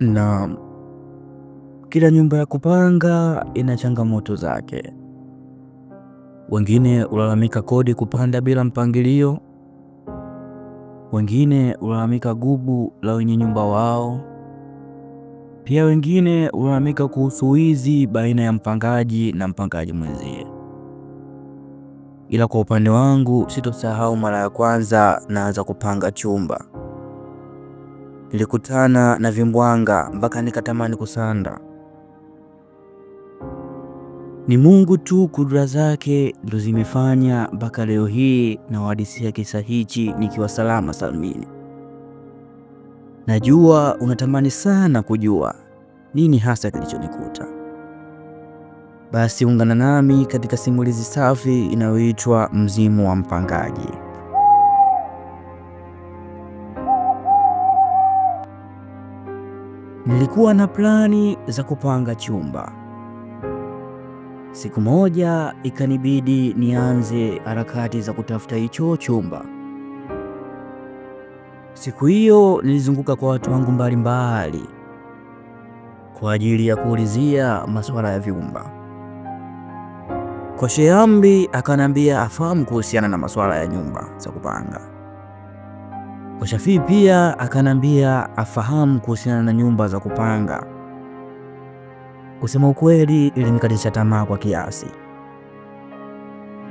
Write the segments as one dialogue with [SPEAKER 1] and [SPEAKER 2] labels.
[SPEAKER 1] na kila nyumba ya kupanga ina changamoto zake. Wengine ulalamika kodi kupanda bila mpangilio, wengine ulalamika gubu la wenye nyumba wao, pia wengine ulalamika kuhusu wizi baina ya mpangaji na mpangaji mwenzie. Ila kwa upande wangu sitosahau, mara ya kwanza naanza kupanga chumba nilikutana na vimbwanga mpaka nikatamani kusanda. Ni Mungu tu kudra zake ndo zimefanya mpaka leo hii na wadisia kisa hichi nikiwa salama salmini. Najua unatamani sana kujua nini hasa kilichonikuta. Basi ungana nami katika simulizi safi inayoitwa Mzimu wa Mpangaji. Nilikuwa na plani za kupanga chumba. Siku moja ikanibidi nianze harakati za kutafuta hicho chumba. Siku hiyo nilizunguka kwa watu wangu mbalimbali kwa ajili ya kuulizia masuala ya vyumba. kosheambi Ambi akanambia afahamu kuhusiana na masuala ya nyumba za kupanga. Shafii pia akanambia afahamu kuhusiana na nyumba za kupanga. Kusema ukweli, ilinikatisha tamaa kwa kiasi,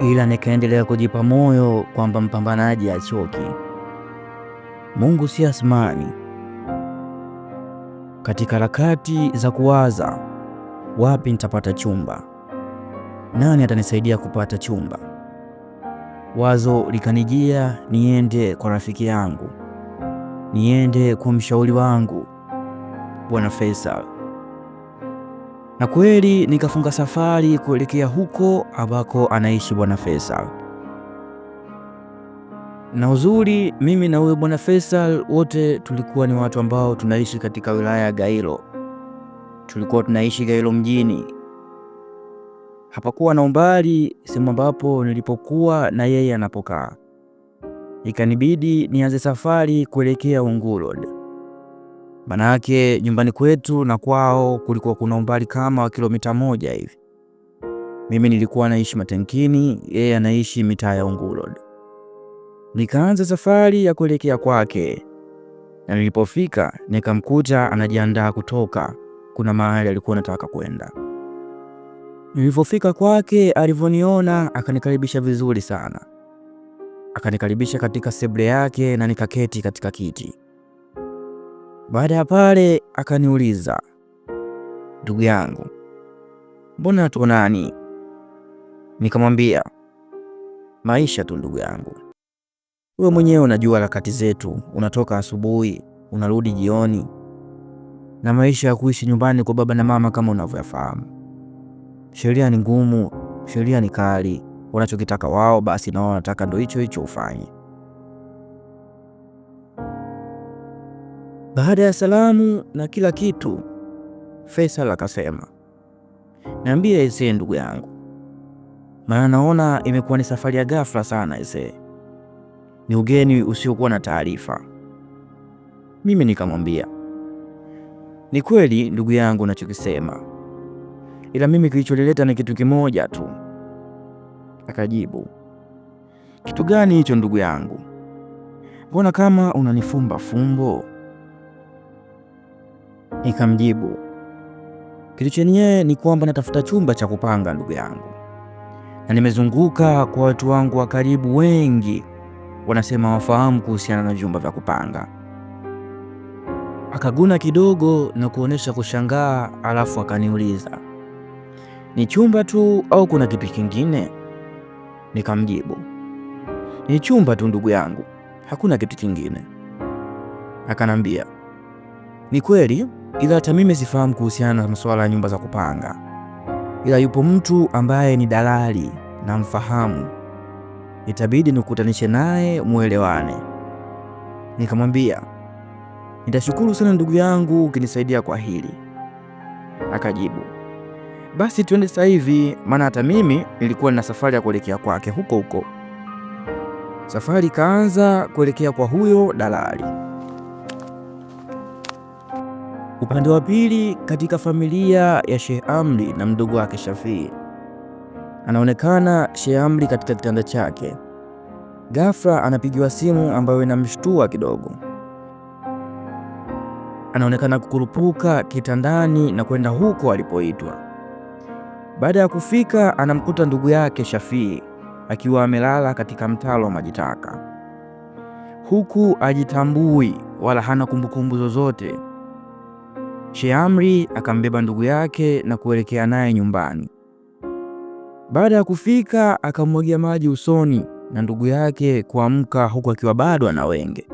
[SPEAKER 1] ila nikaendelea kujipa moyo kwamba mpambanaji achoki Mungu si Asmani. Katika harakati za kuwaza wapi nitapata chumba, nani atanisaidia kupata chumba wazo likanijia, niende kwa rafiki yangu, niende kwa mshauri wangu Bwana Faisal, na kweli nikafunga safari kuelekea huko ambako anaishi Bwana Faisal. Na uzuri mimi na huyo Bwana Faisal wote tulikuwa ni watu ambao tunaishi katika wilaya ya Gairo, tulikuwa tunaishi Gairo mjini Hapakuwa na umbali sehemu ambapo nilipokuwa na yeye anapokaa, ikanibidi nianze safari kuelekea Maana Manake nyumbani kwetu na kwao kulikuwa kuna umbali kama wa kilomita moja hivi. Mimi nilikuwa naishi Matenkini, yeye anaishi mitaa ya Ungurud. Nikaanza safari ya kuelekea kwake, na nilipofika nikamkuta anajiandaa kutoka, kuna mahali alikuwa anataka kwenda. Nilivyofika kwake, alivyoniona akanikaribisha vizuri sana, akanikaribisha katika sebule yake na nikaketi katika kiti. Baada ya pale, akaniuliza ndugu yangu, mbona hatuonani? Nikamwambia maisha tu ndugu yangu, wewe mwenyewe unajua harakati zetu, unatoka asubuhi unarudi jioni, na maisha ya kuishi nyumbani kwa baba na mama kama unavyoyafahamu Sheria ni ngumu, sheria ni kali. Wanachokitaka wao basi nao wanataka ndo hicho hicho ufanye. Baada ya salamu na kila kitu, Faisal akasema, niambie ese, ndugu yangu, maana naona imekuwa ni safari ya ghafla sana. Ese, ni ugeni usiokuwa na taarifa. Mimi nikamwambia, ni kweli ndugu yangu unachokisema ila mimi kilichonileta ni kitu kimoja tu. Akajibu, kitu gani hicho ndugu yangu? Mbona kama unanifumba fumbo? Nikamjibu, kitu chenye ni kwamba natafuta chumba cha kupanga ndugu yangu, na nimezunguka kwa watu wangu wa karibu, wengi wanasema wafahamu kuhusiana na vyumba vya kupanga. Akaguna kidogo na kuonyesha kushangaa, alafu akaniuliza ni chumba tu au kuna kitu kingine? Nikamjibu, ni chumba tu ndugu yangu, hakuna kitu kingine. Akanambia, ni kweli, ila hata mimi sifahamu kuhusiana na masuala ya nyumba za kupanga, ila yupo mtu ambaye ni dalali namfahamu, itabidi nikutanishe naye muelewane. Nikamwambia, nitashukuru sana ndugu yangu ukinisaidia kwa hili. Akajibu, basi tuende sasa hivi, maana hata mimi nilikuwa na safari ya kuelekea kwake huko huko. Safari ikaanza kuelekea kwa huyo dalali. Upande wa pili, katika familia ya Sheikh Amri na mdogo wake Shafii, anaonekana Sheikh Amri katika kitanda chake. Ghafla anapigiwa simu ambayo inamshtua kidogo. Anaonekana kukurupuka kitandani na kwenda huko alipoitwa. Baada ya kufika, anamkuta ndugu yake Shafii akiwa amelala katika mtaro wa maji taka, huku ajitambui wala hana kumbukumbu zozote. sheamri akambeba ndugu yake na kuelekea naye nyumbani. Baada ya kufika, akamwagia maji usoni na ndugu yake kuamka huku akiwa bado ana wenge.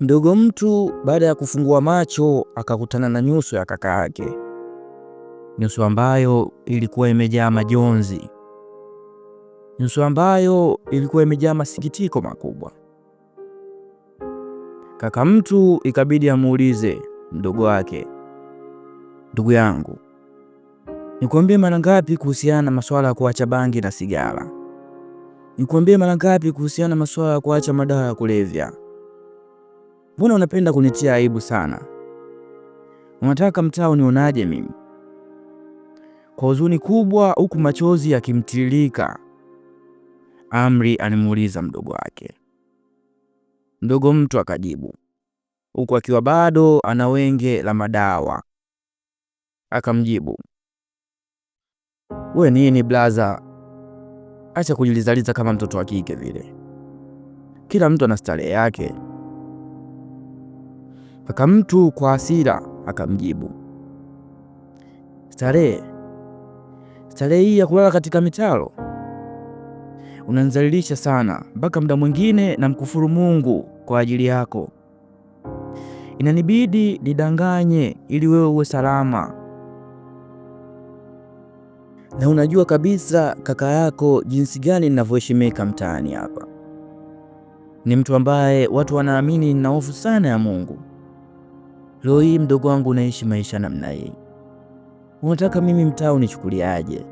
[SPEAKER 1] Mdogo mtu baada ya kufungua macho akakutana na nyuso ya kaka yake nyuso ambayo ilikuwa imejaa majonzi, nyuso ambayo ilikuwa imejaa masikitiko makubwa. Kaka mtu ikabidi amuulize mdogo wake, ndugu yangu, nikuambie mara ngapi kuhusiana na masuala ya kuacha bangi na sigara? Nikuambie mara ngapi kuhusiana na masuala ya kuacha madawa ya kulevya? Mbona unapenda kunitia aibu sana? Unataka mtaa unionaje mimi? kwa huzuni kubwa, huku machozi yakimtiririka. Amri alimuuliza mdogo wake. Mdogo mtu akajibu, huku akiwa bado ana wenge la madawa. Akamjibu, we nini blaza, acha kujilizaliza kama mtoto wa kike vile, kila mtu ana starehe yake. Kaka mtu kwa hasira akamjibu, starehe starehe hii ya kulala katika mitaro unanizalilisha sana, mpaka muda mwingine na mkufuru Mungu kwa ajili yako. Inanibidi nidanganye ili wewe uwe salama, na unajua kabisa kaka yako jinsi gani ninavyoheshimika mtaani hapa. Ni mtu ambaye watu wanaamini nina hofu sana ya Mungu. Leo hii mdogo wangu unaishi maisha namna hii unataka mimi mtaa unichukuliaje?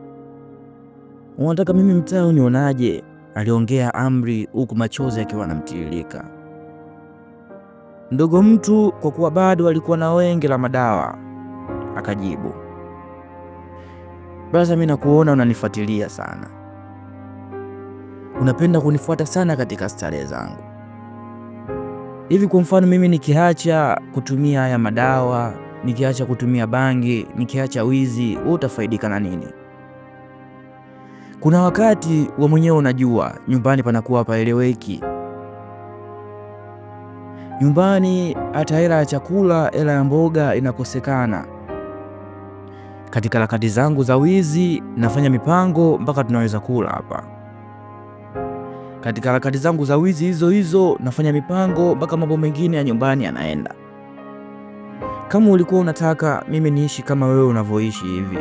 [SPEAKER 1] Unataka mimi mtaa unionaje? aliongea Amri huku machozi akiwa anamtiririka. Ndogo mtu, kwa kuwa bado alikuwa na wengi la madawa, akajibu, brasa mimi nakuona unanifuatilia sana, unapenda kunifuata sana katika starehe zangu hivi. Kwa mfano, mimi nikiacha kutumia haya madawa nikiacha kutumia bangi, nikiacha wizi, wewe utafaidika na nini? Kuna wakati wa mwenyewe unajua nyumbani panakuwa paeleweki Nyumbani hata hela ya chakula, hela ya mboga inakosekana. Katika harakati zangu za wizi nafanya mipango mpaka tunaweza kula hapa. Katika harakati zangu za wizi hizo hizo nafanya mipango mpaka mambo mengine ya nyumbani yanaenda. Kama ulikuwa unataka mimi niishi kama wewe unavyoishi hivi,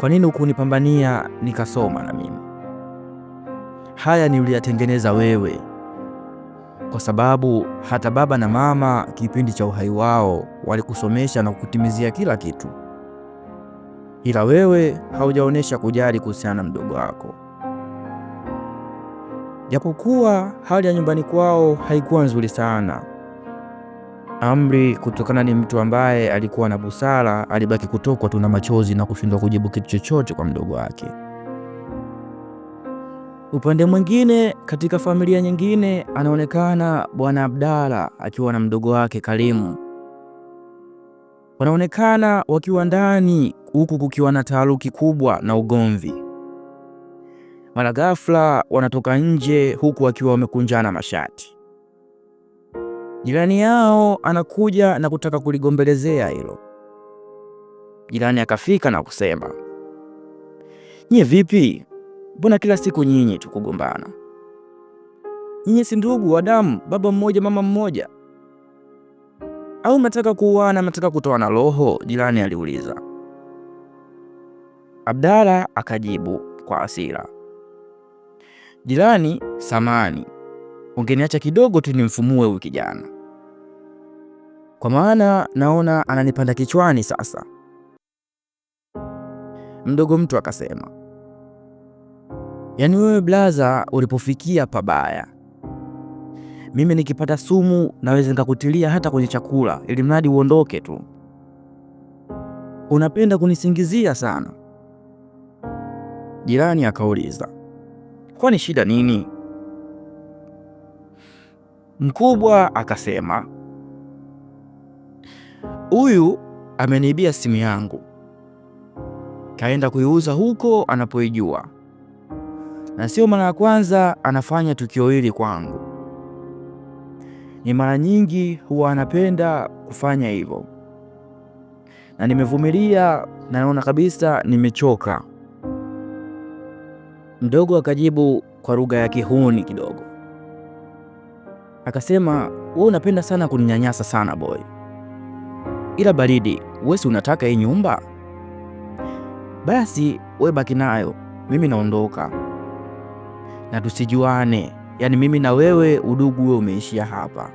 [SPEAKER 1] kwa nini hukunipambania nikasoma na mimi? Haya niliyatengeneza wewe, kwa sababu hata baba na mama kipindi cha uhai wao walikusomesha na kukutimizia kila kitu, ila wewe haujaonesha kujali kuhusiana na mdogo wako. Japokuwa hali ya nyumbani kwao haikuwa nzuri sana Amri, kutokana ni mtu ambaye alikuwa na busara, alibaki kutokwa tu na machozi na kushindwa kujibu kitu chochote kwa mdogo wake. Upande mwingine, katika familia nyingine, anaonekana bwana abdala akiwa na mdogo wake Karimu. Wanaonekana wakiwa ndani, huku kukiwa na taharuki kubwa na ugomvi. Mara ghafla wanatoka nje, huku wakiwa wamekunjana mashati. Jirani yao anakuja na kutaka kuligombelezea hilo. Jirani akafika na kusema, nyie vipi? Mbona kila siku nyinyi tukugombana? Nyinyi si ndugu wa damu, baba mmoja mama mmoja, au mnataka kuuana? Mnataka kutoa na roho? Jirani aliuliza. Abdala akajibu kwa hasira, jirani, samani, ungeniacha kidogo tu nimfumue huyu kijana kwa maana naona ananipanda kichwani sasa. Mdogo mtu akasema, yaani wewe blaza, ulipofikia pabaya. Mimi nikipata sumu naweza nikakutilia hata kwenye chakula, ili mradi uondoke tu. Unapenda kunisingizia sana. Jirani akauliza, kwani shida nini? Mkubwa akasema huyu ameniibia simu yangu, kaenda kuiuza huko anapoijua, na sio mara ya kwanza anafanya tukio hili kwangu. Ni mara nyingi huwa anapenda kufanya hivyo, na nimevumilia na naona kabisa nimechoka. Mdogo akajibu kwa lugha ya kihuni kidogo, akasema wewe unapenda sana kuninyanyasa sana boy ila baridi, wesi unataka hii nyumba? Basi we baki nayo, mimi naondoka na tusijuane, yaani mimi na wewe udugu we umeishia hapa.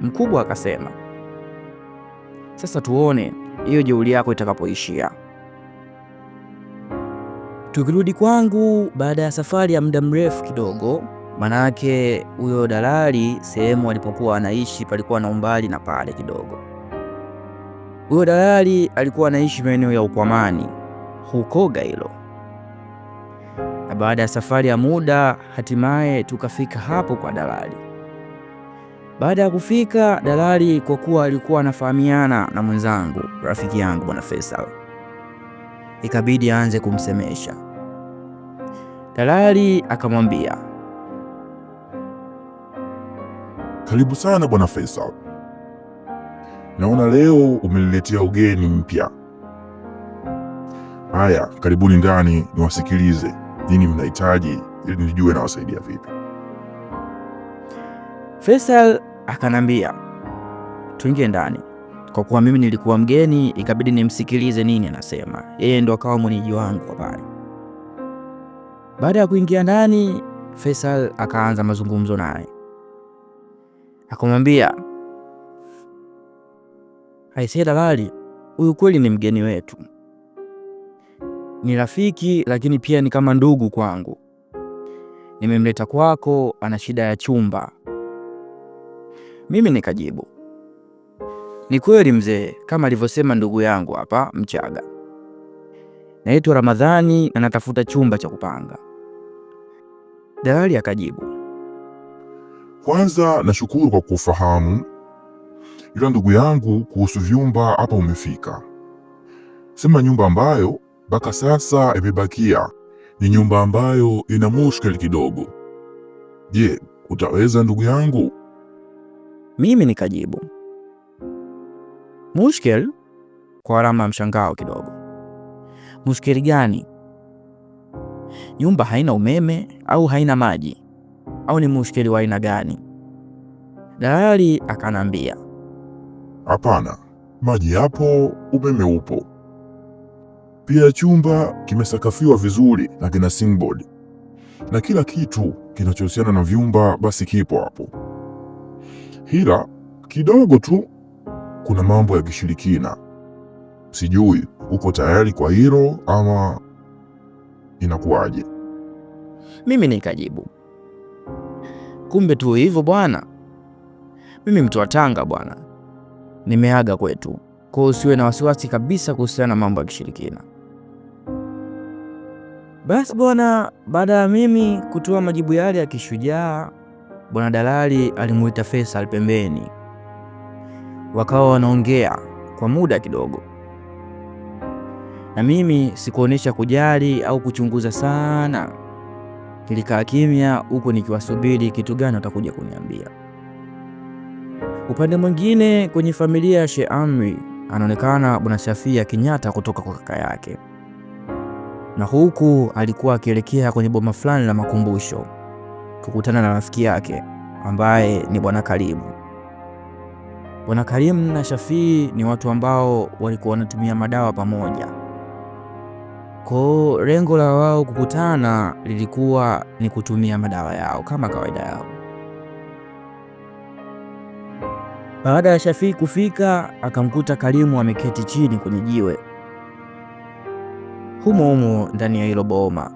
[SPEAKER 1] Mkubwa akasema sasa tuone hiyo jeuri yako itakapoishia. Tukirudi kwangu baada ya safari ya muda mrefu kidogo, manake huyo dalali sehemu alipokuwa anaishi palikuwa na umbali na pale kidogo huyo dalali alikuwa anaishi maeneo ya Ukwamani huko Gairo, na baada ya safari ya muda hatimaye tukafika hapo kwa dalali. Baada ya kufika, dalali kwa kuwa alikuwa anafahamiana na mwenzangu rafiki yangu bwana Faisal, ikabidi aanze kumsemesha. Dalali akamwambia, karibu sana bwana Faisal. Naona leo umeniletea ugeni mpya. Haya, karibuni ndani niwasikilize nini mnahitaji, ili nijue nawasaidia vipi.
[SPEAKER 2] Faisal akanambia tuingie ndani. Kwa kuwa mimi nilikuwa mgeni, ikabidi nimsikilize nini anasema. Yeye ndo akawa mwenyeji wangu habari. Baada ya kuingia ndani, Faisal akaanza mazungumzo naye, akamwambia Aisee dalali, huyu kweli ni mgeni wetu, ni rafiki lakini pia ni kama ndugu kwangu. Nimemleta kwako, ana shida ya chumba. Mimi nikajibu, ni kweli mzee, kama alivyosema ndugu yangu hapa Mchaga, naitwa Ramadhani, natafuta chumba cha kupanga. Dalali akajibu,
[SPEAKER 1] kwanza nashukuru kwa kufahamu Ila ndugu yangu, kuhusu vyumba hapa umefika. Sema nyumba ambayo mpaka sasa imebakia ni nyumba ambayo ina mushkeli kidogo. Je, utaweza ndugu yangu?
[SPEAKER 2] Mimi nikajibu mushkeli kwa alama ya mshangao kidogo. Mushkeli gani? Nyumba haina umeme au haina maji au ni mushkeli wa aina gani? Dalali akanambia
[SPEAKER 1] Hapana, maji yapo, umeme upo. Pia chumba kimesakafiwa vizuri na kina singboard na kila kitu kinachohusiana na vyumba basi kipo hapo, hila kidogo tu kuna mambo ya kishirikina. Sijui uko tayari kwa hilo ama inakuwaje?
[SPEAKER 2] Mimi nikajibu, kumbe tu hivyo bwana, mimi mtu wa Tanga bwana nimeaga kwetu. Kwa usiwe na wasiwasi kabisa kuhusiana na mambo ya kishirikina. Basi bwana, baada ya mimi kutoa majibu yale ya kishujaa, bwana dalali alimuita Faisal pembeni, wakawa wanaongea kwa muda kidogo, na mimi sikuonyesha kujali au kuchunguza sana. Nilikaa kimya huku nikiwasubiri kitu gani watakuja kuniambia. Upande mwingine, kwenye familia ya Sheikh Amri anaonekana Bwana Shafii akinyata kutoka kwa kaka yake, na huku alikuwa akielekea kwenye boma fulani la makumbusho kukutana na rafiki yake ambaye ni Bwana Karimu. Bwana Karimu na Shafii ni watu ambao walikuwa wanatumia madawa pamoja. Kwa lengo la wao kukutana lilikuwa ni kutumia madawa yao kama kawaida yao. Baada ya Shafii kufika akamkuta Karimu ameketi chini kwenye jiwe humo humo ndani ya hilo boma.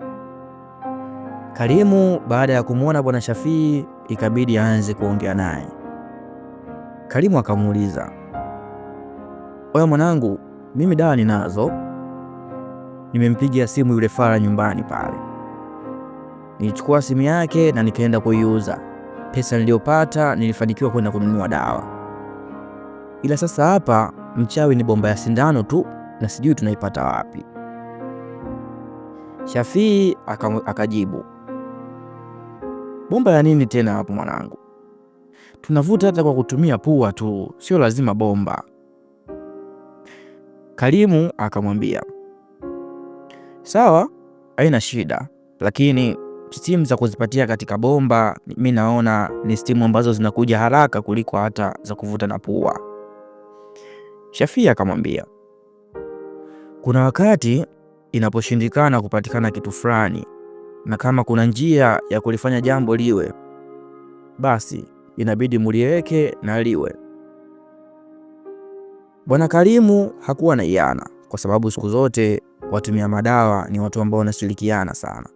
[SPEAKER 2] Karimu baada ya kumwona bwana Shafii ikabidi aanze kuongea naye. Karimu akamuuliza, oya mwanangu, mimi dawa ninazo, nimempigia simu yule fara nyumbani pale, nilichukua simu yake na nikaenda kuiuza. Pesa niliyopata nilifanikiwa kwenda kununua dawa Ila sasa hapa mchawi ni bomba ya sindano tu, na sijui tunaipata wapi. Shafii akajibu, bomba ya nini tena hapo mwanangu? Tunavuta hata kwa kutumia pua tu, sio lazima bomba. Kalimu akamwambia, sawa, haina shida, lakini stimu za kuzipatia katika bomba mi naona ni stimu ambazo zinakuja haraka kuliko hata za kuvuta na pua. Shafia akamwambia, kuna wakati inaposhindikana kupatikana kitu fulani, na kama kuna njia ya kulifanya jambo liwe, basi inabidi muliweke na liwe. Bwana Karimu hakuwa na iana, kwa sababu siku zote watumia madawa ni watu ambao wanashirikiana sana.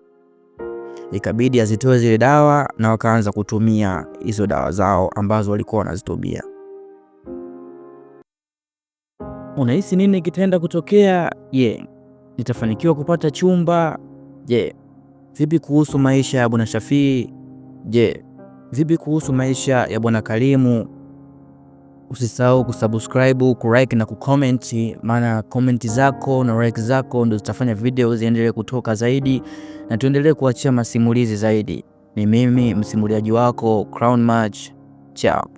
[SPEAKER 2] Ikabidi azitoe zile dawa na wakaanza kutumia hizo dawa zao ambazo walikuwa wanazitumia. Unahisi nini kitaenda kutokea? Je, yeah. Nitafanikiwa kupata chumba? Je, yeah. Vipi kuhusu maisha ya Bwana Shafii? Je, yeah. Vipi kuhusu maisha ya Bwana Karimu? Usisahau kusubscribe, kulike na kucomment, maana comment zako na like zako ndio zitafanya video ziendelee kutoka zaidi na tuendelee kuachia masimulizi zaidi. Ni mimi msimuliaji wako Crown Match. Ciao.